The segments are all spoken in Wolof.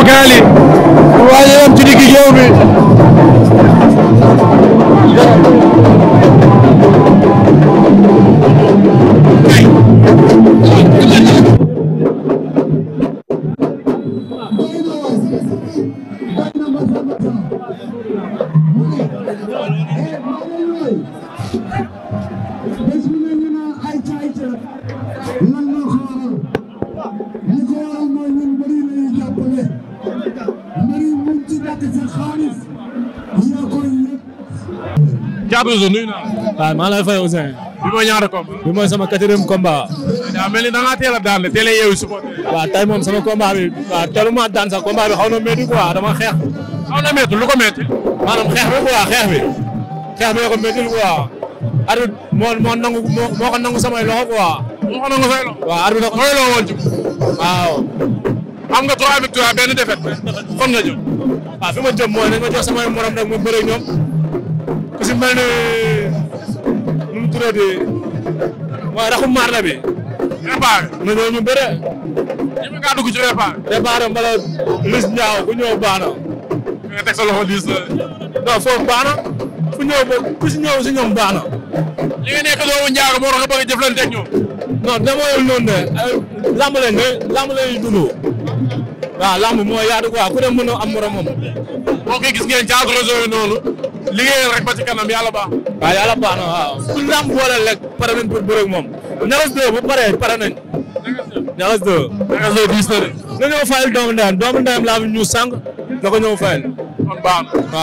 bu gaali waaye yam ci digg géew bi lan Caatu Youssou nuyu naa la. maa ngi fay Ousseyn. bi mooy sama quatrième combat. daa mel ni da a daan de teel a yeewu supporter. waaw tey moom sama combat bi waaw teeluma daan sax combat bi xaw na métti quoi dama xeex. bi quoi xeex bi. xeex bi ko métti quoi. arbitre moo moo nangu moo moo mooy loo woon ci. waaw. nga trois victoires benn rek ma bëre ñoom. ku si mel ne nu mu tuddati waaye raxu na bi. réparé na ñoo ñu bëre. ñu ngi kaa dugg ci réparé. réparé ku ñëw baax ku ñëw ba ku si ñëw si ñoom baax na. li nga moo tax nga bëgg a jëflante ak ñoom. non dama yor noonu de ay lamb lañ de moo yaatu quoi ku dem mën a am moromam. boo gis ngeen caas réseau noonu. liggéeyal rek ba ci kanam yàlla baax. waaw yàlla baax na waaw. suñu lamb boole rek pare nañ pour bëre ak moom. ñaxas dëgg bu paree pare nañ. ñaxas dëgg. ñaxas dëgg diis na de. nga ñëw fayal doomu ndeyam doomu ndeyam laa ñu sànq. na ko ñëw fayal. kon baax na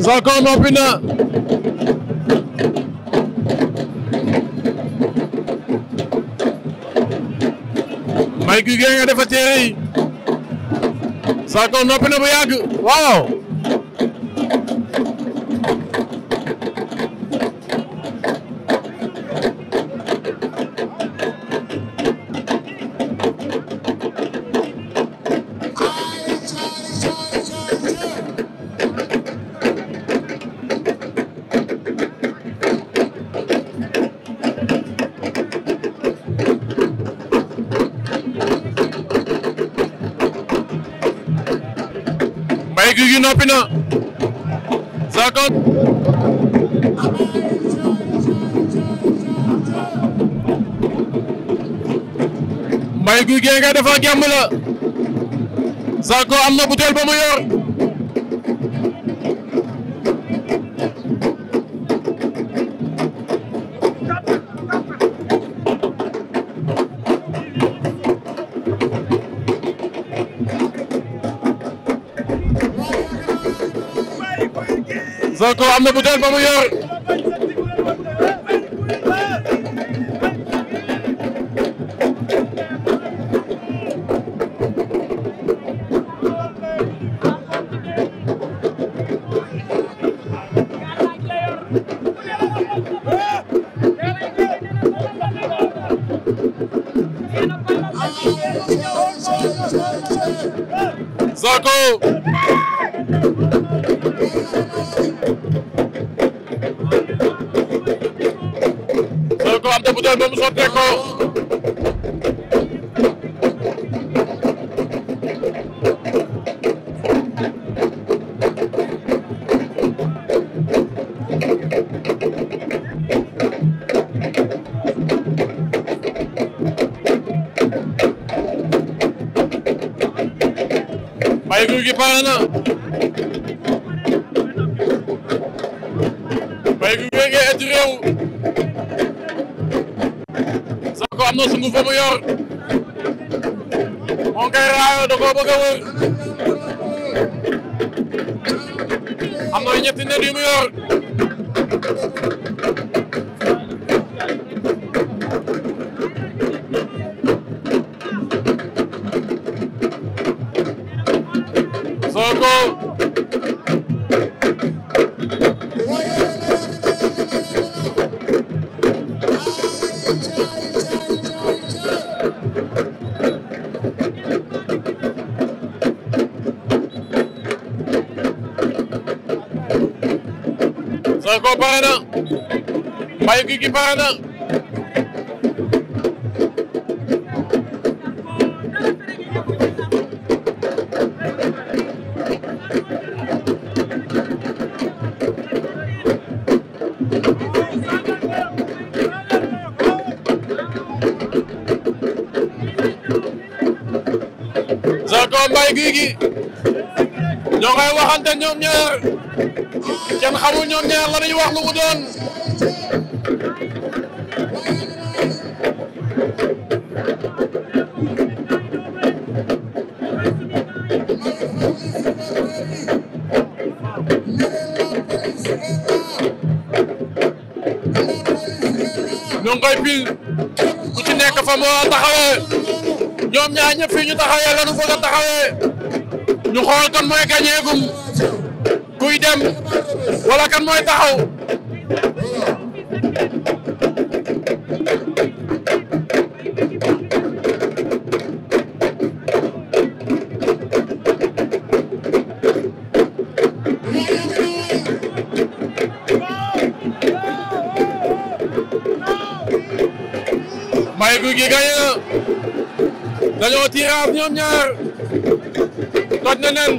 Zarko noppi na Mbaye Gouye Gui nga defa téere yi Zarko noppi na bu yàgg waaw waaye guy gee ngay am na butéel ba mu yor Zarko am na butéel ba mu Soko am te butéel moom sottee ko guy gi pare na Mbaye Gouy Gui ngay eti am na sungu fa yor moo ngay raayo da koo bëgg a wër am na ñetti nen yu mu yor ko Zarko pare na Mbaye Gouy Gui pare na Mbaye Gouy Gui ñoo ngay waxante ñoom ñaar kenn xamul ñoom ñaar la ñuy wax lu mu doon ñoo ngay pil ku ci nekk fa taxawee ñoom ñaar ñëpp fii ñu taxawee la nu bëgg a taxawee ñu xool kan mooy gañeegum kuy dem wala kan mooy taxaw. Mbaye Gouy Gui gañe dañoo tiraar ñoom ñaar toj na nen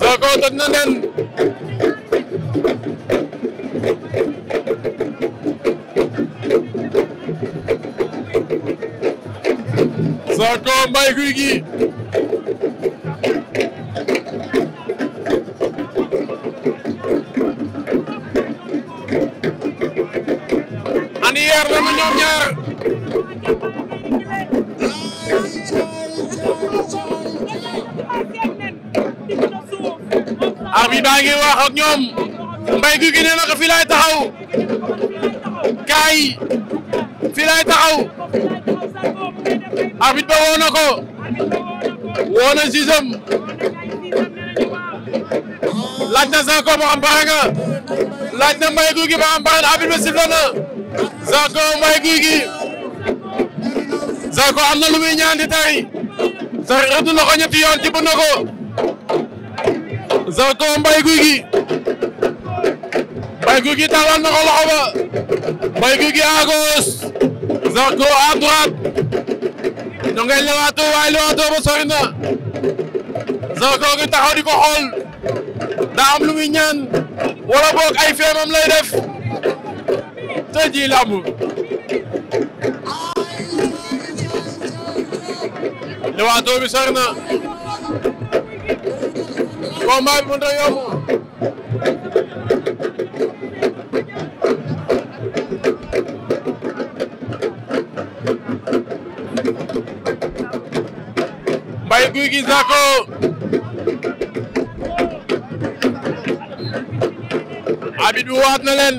Zarko toj na nen Zarko Mbaye Gouy Gui na mu ñoom ñaar baa ngi wax ak ñoom mbay gi gi nee na ko fii laay taxaw kaay fii laay taxaw arbitre ba woo na ko woo na sisam laaj na Zarko ba xam baax nga laaj na mbay gi gi ba xam baax na arbitre ba sifflé na Zarko mbay gi gi Zarko am na lu muy ñaan di tey sax rëdd na ko ñetti yoon ci bëgg na ko. Zarko Mbaye Gouy Gui Mbaye Gouy Gui tàllal na ko loxo ba Mbaye Gouy Gui à gauche Zarko à droite ñoo ngay lewaatoo waaye lewaatoo ba sori na Zarko ngi taxaw di ko xool daa am lu muy ñaan wala boog ay feemam lay def te ji làmb lewaatoo bi sori na combat bi mënut a yomb. Mbaye Gouye Gui bi waat na leen.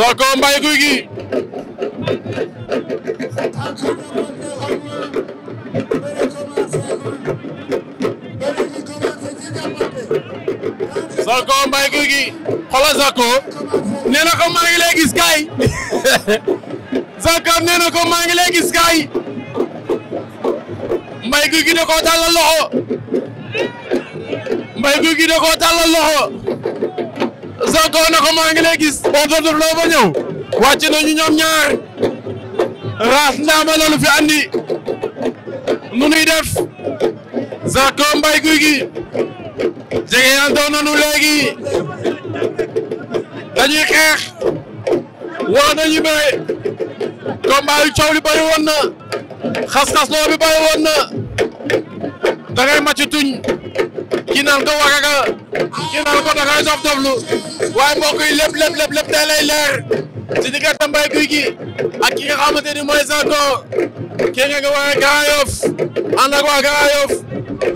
Zarko Mbaye Gouy Gui Zarko Mbaye Gouy Gui xoolal Zarko nee na ko maa ngi lay gis kaay Zarko nee ko maa ngi lay gis kaay Mbaye Gouy Gui da koo tàllal loxo Mbaye Gouy Gui da koo loxo Zarko ne ko maa ngi lay gis. boo doon loo ba ñëw. wàcc nañu ñoom ñaar. raas ndaama loolu fi andi. nu nuy def. Zarko mbay guy gi. jege yantoo nanu léegi. dañuy xeex. wax nañu ba. combat yu coow li bëri woon xas-xas loo bi bëri woon na. tuñ. kii naan ko war kii naan ko da ngay dof waaye mbokk yi lépp lépp lépp lépp leer ci diggante Mbaye Gouy Gui ak ki nga xamante ni mooy Zarko kii nga nga waa Grand Yoff ànd ak waa Grand Yoff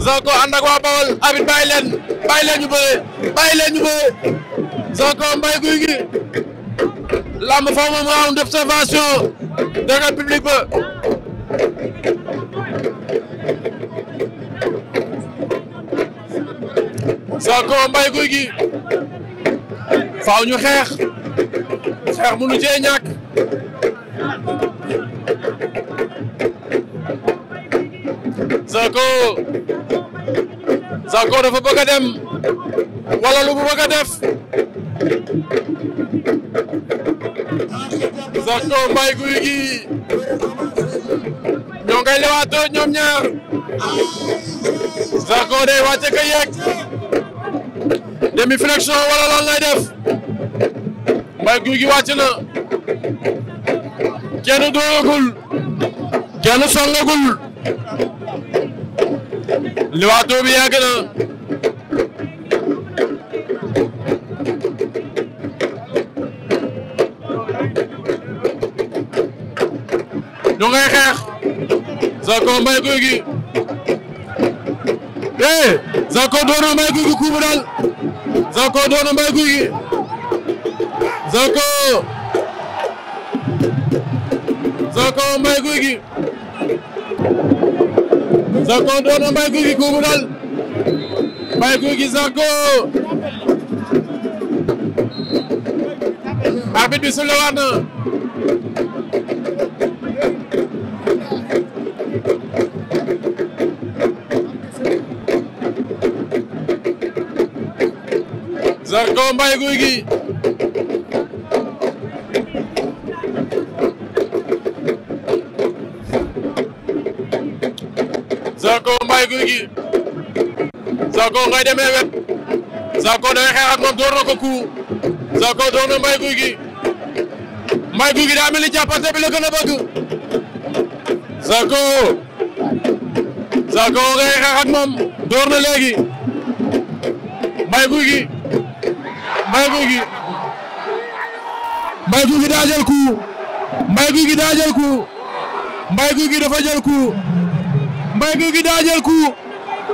Zarko ànd ak waa Bawol abit bàyyi leen bàyyi leen ñu bëre bàyyi leen ñu bëre Zarko Mbaye Gouy Gui lamb fa round d'observation de la ba Zarko Mbaye Gouy Gui faaw ñu xeex xeex mënu cee ñàkk Zarko Zarko dafa bëgg a dem wala lu mu bëgg a def Zarko Mbaye Gouy Gui ñoo ngay lewaatoo ñoom ñaar Zarko day wàcce ka demi flexion wala lan lay def Mbaye Gouy Gui wàcc na kenn dooragul kenn songagul li waa doo bi yàgg xeex Zarko Mbaye Gouy Gui eh Zarko door na Mbaye Gouy Gui kuubu Zarko doon na Mbaye Gouy Gui Zarko Zarko Mbaye Gouy Gui Zarko doon na Mbaye Gouy Gui kuubu dal Mbaye Gouy Gui Zarko arbitre bi Zarko Mbaye Gouy Gui Zarko Mbaye Gouy ngay demee wet Zarko day xeex ak moom door na ko ku Zarko door na Mbaye Gouy Gui Mbaye Gouy Gui daa mel ni jàppante bi la gën a bëgg Zarko Zarko ngay xeex moom door na léegi Mbaye Gouy Gui Mbaye Gouy Gui Mbaye Gouy Gui daa jël coup Mbaye Gouy Gui daa jël coup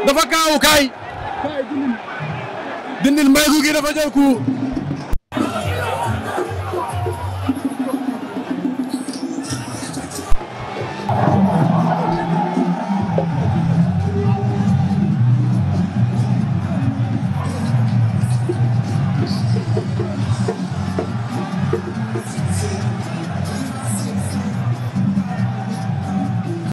dafa kaawu kaay dindil Mbaye Gouy Gui dafa jël